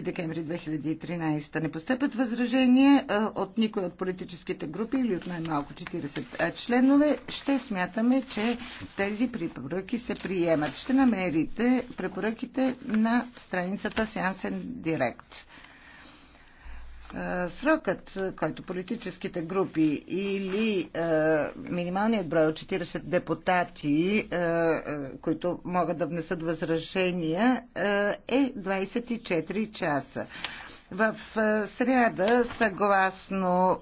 15 декември 2013. Не постъпят възражения от никой от политическите групи или от най-малко 40 членове. Ще смятаме, че тези препоръки се приемат. Ще намерите препоръките на страницата Сянсен Директ. Е, срокът, е, който политическите групи или е, минималният брой от 40 депутати, които могат да внесат възражения, е 24 часа. В сряда, съгласно